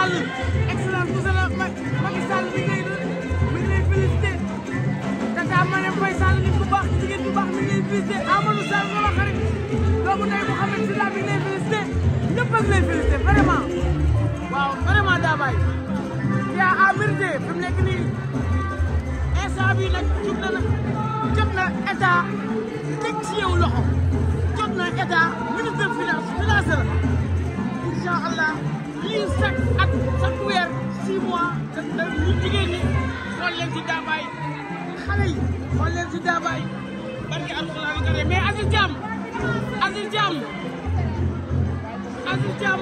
Sall excellence monsieur le Macky Sall mi ngi lay félicité tata Marème Faye Sall nit bu baax jigéen bu baax mi ngi lay félicité Amadou Sall sama xarit doomu ndey Mouhamed Sylla mi ngi lay félicité ñëpp a ngi lay félicité vraiment waaw vraiment daa bàyyi yaa a mérité fi mu nekk nii instant bii nag jub na nag jot na état teg ci yow loxo jot na état ministre finance finance la incha allah lii chaque at chaque weer six mois ñu jigéen ñi xool leen ci daabaay xale yi xool leen ci daabaay barke alxuraan kare mais Aziz Thiam Aziz Thiam Aziz Thiam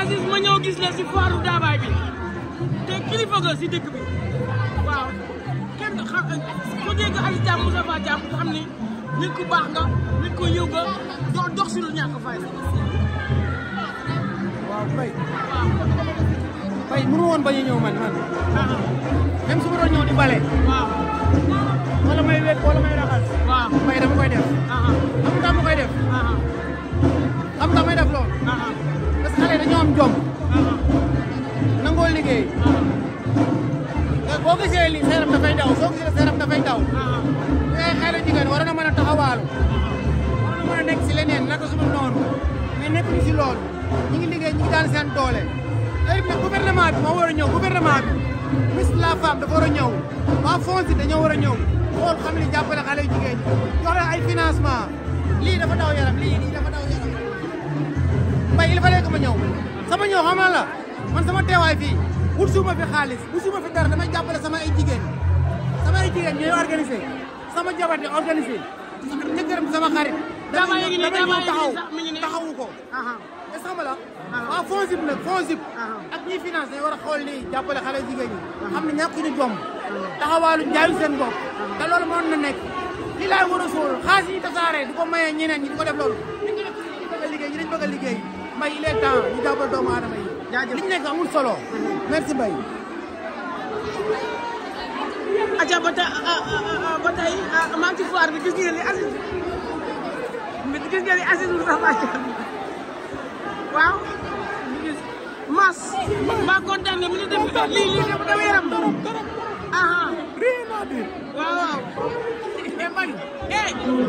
Aziz ma ñëw gis la si foiru daabaay bi te kilifa nga si dëkk bi waaw kenn ku dégg Aziz Thiam Moustapha Thiam xam ni nit ku baax nga nit ku yiw nga doo dox si lu ñàkk fay waaw woon bañ a ñëw man man même ma bale waaw may wéet wala may raxas waaw Mbaye koy def xam nga may def loolu parce que xale am jom nangoo liggéey eh, boo gisee lii seeram dafay daw soo gisee seeram dafay daw bu ay eh, xale jigéen war na leneen naka noonu mais nekkuñu si loolu ñu ngi liggéey ñu doole. ay nag gouvernement bi moo war a ñëw gouvernement dafa war a ñëw waa FONSI dañoo war a ñëw xool xam ne xale yu jigéen ñi jox ay financement lii dafa daw yaram lii lii dafa daw yaram mbay il fallait que ma ñëw sama ñëw xam la man sama teewaay fii wut suuma fi xaalis wut fi dara damay jàppale sama ay jigéen sama ay ñooy organisé sama jabar di organisé sama dama ngi nii dama taxaw taxawu ko. te sax ma la. Uh-huh. waaw FONSIP nag FONSIP. Uh-huh. ak ñi finance war a xool lii jàppale xale jigéen ñi. Uh-huh. xam ne ñàkkuñu jom. taxawaalu jaay seen bopp. te loolu mën nekk. li laay war a sóor xaalis yi tasaare di ko maye ñeneen ñi di ko def loolu. li ñu def ñu bëgg a liggéey ñu dañu bëgg a liggéey. mbay il est temps yi. jaajëf nekk amul solo. merci Mbaye. aca ba ah, ah, ah, maa ngi ci foire bi gis ngeen gis ngeen ni Aziz Ndour sax wàcc waaw gis mas maa kontaan ne mu ngi lii lii dafa daw yaram aha rii naa di waaw waaw e man e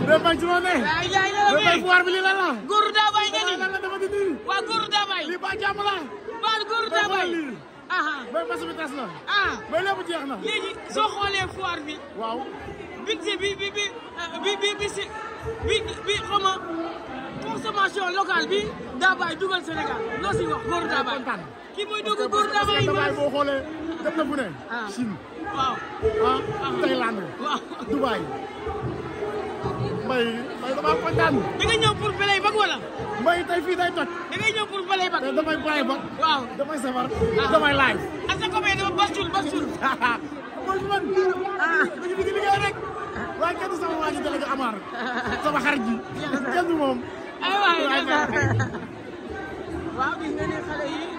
reban ci noonu reban war bi lii lan la góoru daa bay ngeen ni waa góoru daa bay lii ba jàmm la baal góoru daa bay aha mais mas bi tas na ah mais lépp jeex na léegi soo xoolee foire bi waaw budget bi bi bi bi bi bi xaw ma consommation bi daa bàyyi Sénégal loo si wax góor daa bàyyi. kii mooy dugg góor daa bàyyi parce que boo xoolee def na fu ne. Ah. Chine. waaw ah, ah Thaïlande. waaw Dubaï. mbay mbay damaa kontaan. da nga ñëw pour play back wala. mbay tey fii day toj. da ngay ñëw pour play back. damay play back. waaw damay safar. Ah. damay live. ak sa copain dafa bascule bascule. man man. ah dañu liggéey rek. waaye kenn sama waa ji délégué Amar sama xarit ji kenn moom. ay waay waaw gis nga ne xale yi.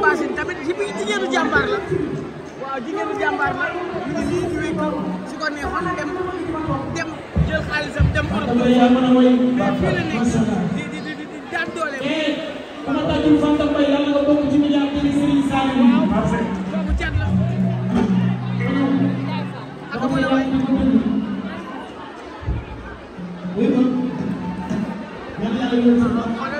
Bassine tamit ci biir jigéenu jàmbaar la waaw jigéenu jàmbaar la ñu ngi nii ñu wékk su ko neexoon dem dem jël xaalisam dem Europe mais fii la nekk di di di di daan doole sama tajum Fanta nga ci Serigne la ak la way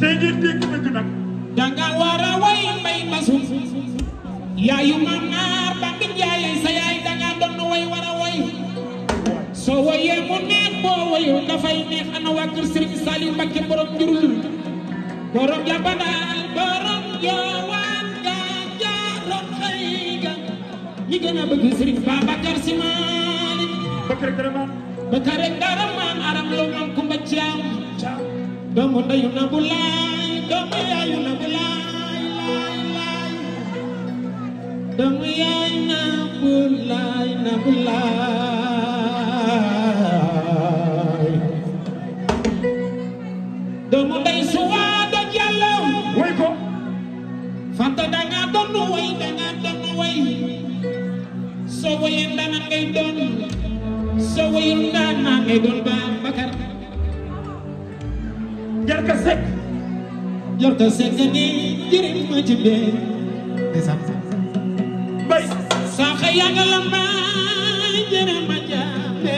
tey ngeen dégg dëgg nag. danga war a way mbay masum. yaayu maam naar ba bi jaayee sa yaay way war way. soo wayee mu neex boo wayul dafay neex ana waa kër Serigne Saliou Mbacké borom jurul. borom la banaal borom joowaan ga jaaroon xëy ga. ñi gën a bëgg Serigne Babacar Sy Malick. Bakar Daraman. Bakar Daraman aram loo maam Kumba Thiam. doomu ndeyu Nabou Laye doomu yaayu Nabou Laye Laye Laye doomu yaayu Nabou Laye Nabou Laye doomu ndeyu Suwaada Jallo way ko fanta danga doonu way danga doonu way soo wayee ndaanaan ngay doon soo wayee ndaanaan ngay doon Bakar barka sekk yor ta sekk ni jëriñ ma ci bee desam bay saa xëy yaa nga la ma jëre ma jaame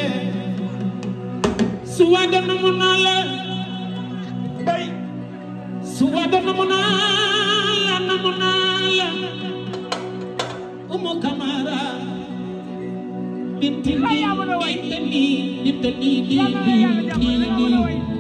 su waa dana mu naa la bay su waa dana mu naa la na mu naa la umu kamara bintini bintini bintini bintini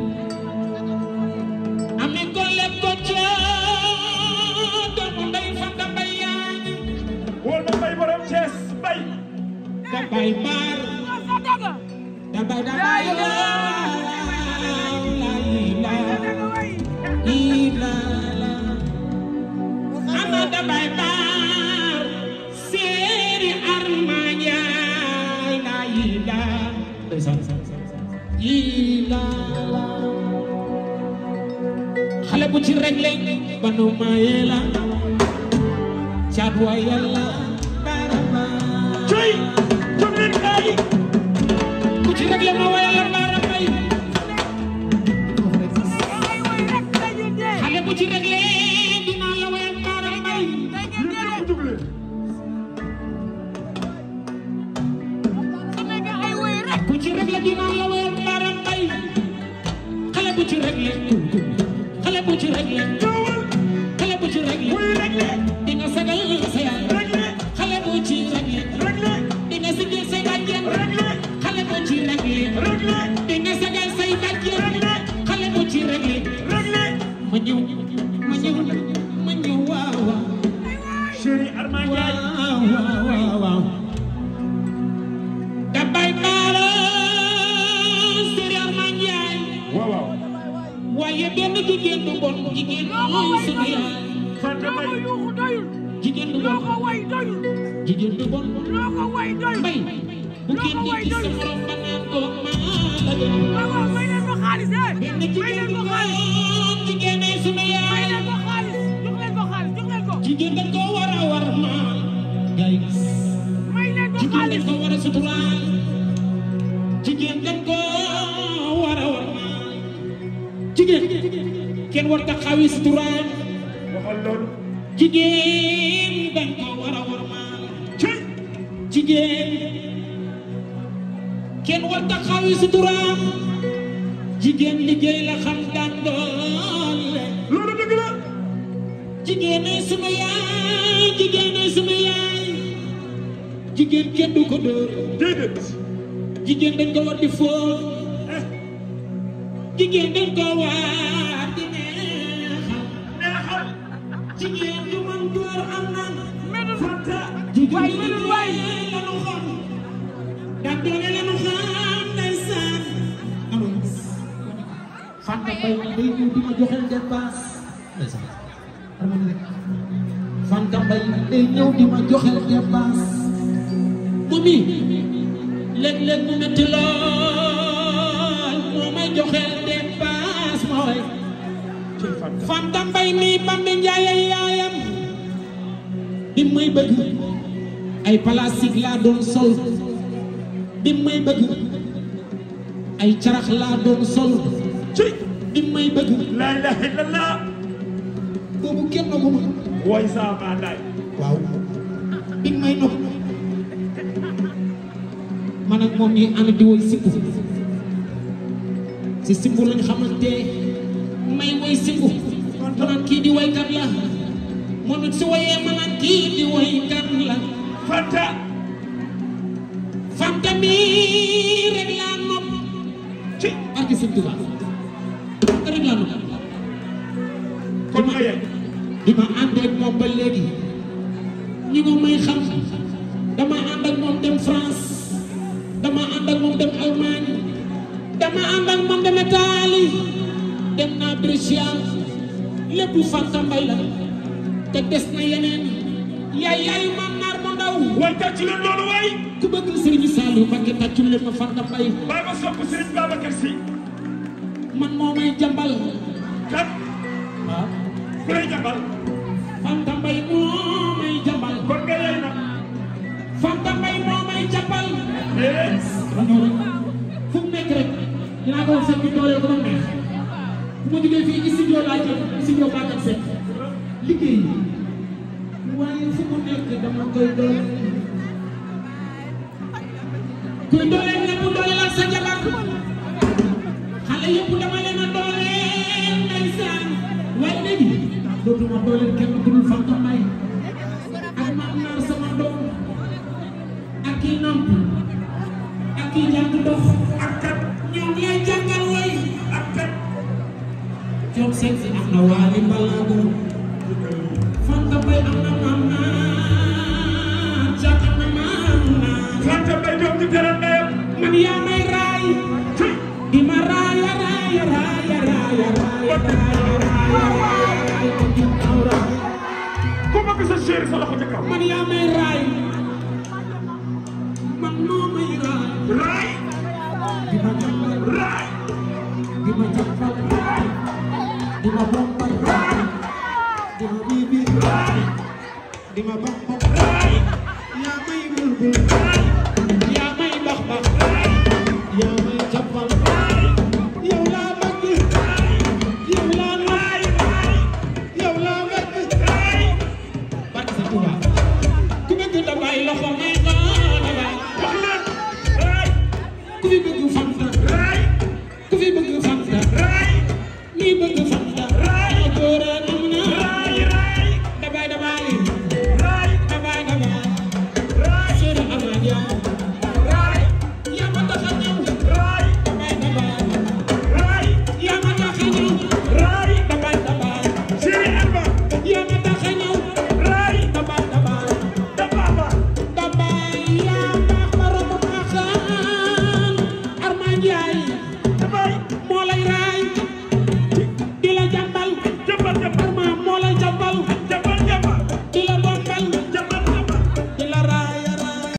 waaye benn jigéen du bon jigéen mooy sunu yaay Fanta Mbaye jigéen du bon jigéen du bon mbay bu kenn ci sa morom ba naan ko maa la gën eh. benn jigéen du bon jigéen ay sunu yaay jigéen dañ koo war a war maa gay jigéen dañ koo war a suturaal jigéen dañ koo jigéen kenn war ta xawi suturaan waxal jigéen kenn war ta xawi suturaan jigéen liggéey la xam daan doole loolu dëgg la jigéen ay yaay jigéen ay yaay jigéen kenn du ko dóor déedéet jigéen dañ war di foofu jigéen dañ ko waar di neexal neexal jigéen ju mën góor am naan melu fanta jigéen ju melu waay lanu xam ndax doone lanu xam day saan amul fanta bay day ñëw di ma joxel dépense fanta bay day ñëw di ma joxel dépense mu mi léeg-léeg mu metti lool fanta mbay mii bambi njaayay yaayam bi muy bëgg ay plastique laa doon sol bi muy bëgg ay carax doon sol bi muy bëgg la ilaha illallah boobu kenn ko mu woy saa maa daay waaw bi may nopp man ak moom ñuy ànd di woy simbu si simbu lañ xamante may woy simbu ma naan kii di waykat la moom it su wayee ma naan kii di waykat la fanta fanta mi rek laa nopp ci barke sëñ Tuubaa rek laa nopp kon ma yegg di ma ànd ak moom ba léegi ñu ngi may xam lépp Fanta Mbaye la te des na yeneen yaay yaayu naar mu ndaw way tàcc leen loolu waay ku bëgg Serigne Saliou Mbacké tàccul leen ma Fanta Mbaye bay ma sopp Serigne Babacar Sy man moo jambal kat waaw ku jambal Fanta Mbaye jambal fu mu nekk rek dinaa ko fekk dooleel ko bu ma jógee fii studio laa jëm studio Bakar liggéey waaye fu mu nekk dama koy doon koy dooleel ne bu dooleel sa jabar xale yëpp dama leen a dooleel ndeysaan waaye léegi dootuma dooleel kenn ku dul Fanta May ak maam naar sama doom ak kii ak kii jàng Diop seet si am na Wally Ballago Fanta Mbaye am na Mama Thiaka na Mama Fanta Mbaye Diop di teral ndeyam man yaa may raay di ma raaya raaya raaya raaya raaya raaya raaya ku bëgg sa chéri sa loxo ca kaw man yaa may raay